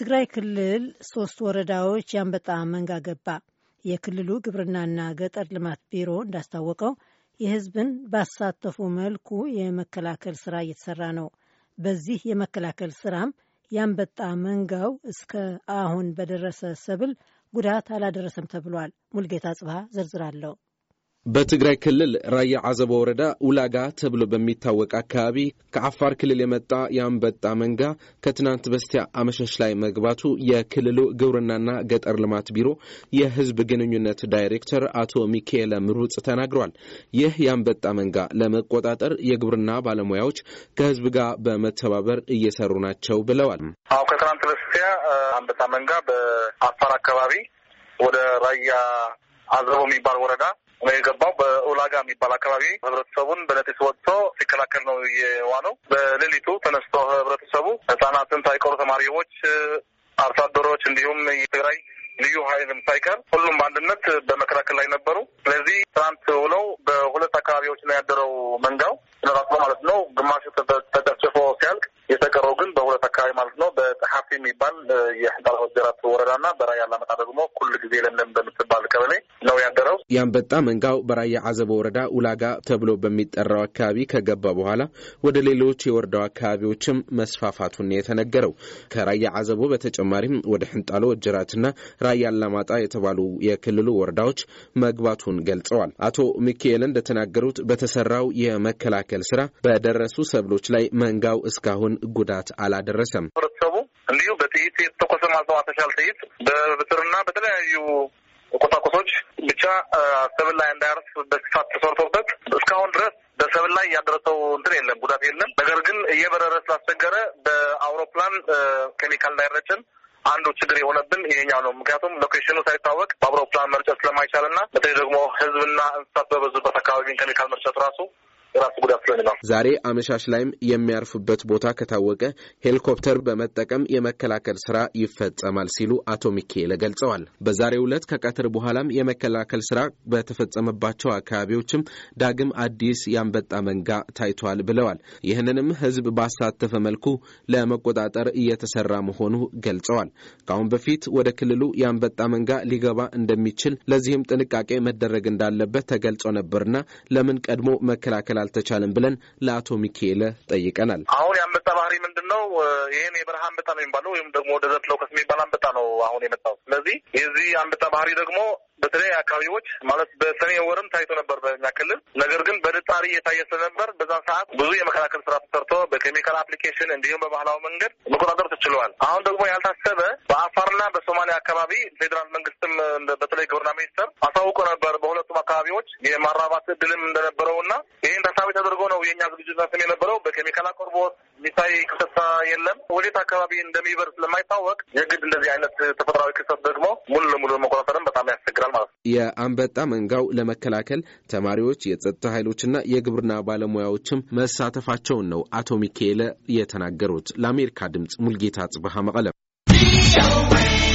በትግራይ ክልል ሶስት ወረዳዎች ያንበጣ መንጋ ገባ። የክልሉ ግብርናና ገጠር ልማት ቢሮ እንዳስታወቀው የሕዝብን ባሳተፉ መልኩ የመከላከል ስራ እየተሰራ ነው። በዚህ የመከላከል ስራም ያንበጣ መንጋው እስከ አሁን በደረሰ ሰብል ጉዳት አላደረሰም ተብሏል። ሙልጌታ ጽብሃ ዝርዝር አለው። በትግራይ ክልል ራያ አዘቦ ወረዳ ውላጋ ተብሎ በሚታወቅ አካባቢ ከአፋር ክልል የመጣ የአንበጣ መንጋ ከትናንት በስቲያ አመሻሽ ላይ መግባቱ የክልሉ ግብርናና ገጠር ልማት ቢሮ የሕዝብ ግንኙነት ዳይሬክተር አቶ ሚካኤለ ምሩጽ ተናግሯል። ይህ የአንበጣ መንጋ ለመቆጣጠር የግብርና ባለሙያዎች ከሕዝብ ጋር በመተባበር እየሰሩ ናቸው ብለዋል። አሁ ከትናንት በስቲያ አንበጣ መንጋ በአፋር አካባቢ ወደ ራያ አዘቦ የሚባል ወረዳ ነው የገባው። በኡላጋ የሚባል አካባቢ ህብረተሰቡን በነጢስ ወጥቶ ሲከላከል ነው የዋለው። በሌሊቱ ተነስቶ ህብረተሰቡ ህጻናትን ሳይቀሩ ተማሪዎች፣ አርሶ አደሮች እንዲሁም ትግራይ ልዩ ኃይልም ሳይቀር ሁሉም በአንድነት በመከላከል ላይ ነበሩ። ስለዚህ ትናንት ውለው በሁለት አካባቢዎች ነው ያደረው መንጋው ራሱ ማለት ነው። ግማሹ ተጨፍጭፎ ሲያልቅ የተቀረው ግን በሁለት አካባቢ ማለት ነው። በጸሐፊ የሚባል የሕዳር ወጀራት ወረዳና በራያ አላመጣ ደግሞ ኩል ጊዜ ለምለም በምትባል ቀበሌ የአንበጣ መንጋው በራያ አዘቦ ወረዳ ውላጋ ተብሎ በሚጠራው አካባቢ ከገባ በኋላ ወደ ሌሎች የወረዳው አካባቢዎችም መስፋፋቱን የተነገረው ከራያ አዘቦ በተጨማሪም ወደ ሕንጣሎ፣ ወጀራትና ራያ አላማጣ የተባሉ የክልሉ ወረዳዎች መግባቱን ገልጸዋል። አቶ ሚካኤል እንደተናገሩት በተሰራው የመከላከል ስራ በደረሱ ሰብሎች ላይ መንጋው እስካሁን ጉዳት አላደረሰም። ህብረተሰቡ እንዲሁ በጥይት የተተኮሰ ማጽዋተሻል ጥይት በብትርና በተለያዩ ቁሳቁሶች ብቻ ሰብል ላይ እንዳያርስ በስፋት ተሰርቶበት እስካሁን ድረስ በሰብል ላይ ያደረሰው እንትን የለም፣ ጉዳት የለም። ነገር ግን እየበረረ ስላስቸገረ በአውሮፕላን ኬሚካል እንዳይረጭን አንዱ ችግር የሆነብን ይሄኛው ነው። ምክንያቱም ሎኬሽኑ ሳይታወቅ በአውሮፕላን መርጨት ስለማይቻልና በተለይ ደግሞ ህዝብና እንስሳት በበዙበት አካባቢ ኬሚካል መርጨት ራሱ የራሱ ጉዳት ሲሆን ነው። ዛሬ አመሻሽ ላይም የሚያርፍበት ቦታ ከታወቀ ሄሊኮፕተር በመጠቀም የመከላከል ስራ ይፈጸማል ሲሉ አቶ ሚካኤል ገልጸዋል። በዛሬው ዕለት ከቀትር በኋላም የመከላከል ስራ በተፈጸመባቸው አካባቢዎችም ዳግም አዲስ የአንበጣ መንጋ ታይቷል ብለዋል። ይህንንም ህዝብ ባሳተፈ መልኩ ለመቆጣጠር እየተሰራ መሆኑ ገልጸዋል። ከአሁን በፊት ወደ ክልሉ የአንበጣ መንጋ ሊገባ እንደሚችል ለዚህም ጥንቃቄ መደረግ እንዳለበት ተገልጾ ነበርና ለምን ቀድሞ መከላከል አልተቻለም ብለን ለአቶ ሚካኤለ ጠይቀናል። አሁን የአንበጣ ባህሪ ምንድን ነው? ይህን የበረሃ አንበጣ ነው የሚባለው ወይም ደግሞ ደዘርት ለውከስ የሚባል አንበጣ ነው አሁን የመጣው። ስለዚህ የዚህ አንበጣ ባህሪ ደግሞ በተለይ አካባቢዎች ማለት በሰኔ ወርም ታይቶ ነበር በኛ ክልል። ነገር ግን በድጣሪ እየታየ ስለነበር በዛ ሰዓት ብዙ የመከላከል ስራ ተሰርቶ በኬሚካል አፕሊኬሽን እንዲሁም በባህላዊ መንገድ መቆጣጠር ተችሏል። አሁን ደግሞ ያልታሰበ በአፋርና በሶማሊያ አካባቢ ፌዴራል መንግስትም በተለይ ግብርና ሚኒስቴር አሳውቆ ነበር በሁለቱም አካባቢዎች የማራባት እድልም እንደነበረውና ይህን ታሳቢ ተደርጎ ነው የእኛ ዝግጅት ስም የነበረው በኬሚካል አቅርቦት የሚታይ ክስተት የለም። ወዴት አካባቢ እንደሚበር ስለማይታወቅ የግድ እንደዚህ አይነት ተፈጥሯዊ ክስተት ደግሞ ሙሉ ለሙሉ መቆጣጠርም የአንበጣ መንጋው ለመከላከል ተማሪዎች፣ የጸጥታ ኃይሎችና የግብርና ባለሙያዎችም መሳተፋቸውን ነው አቶ ሚካኤለ የተናገሩት። ለአሜሪካ ድምፅ ሙልጌታ ጽብሃ መቀለም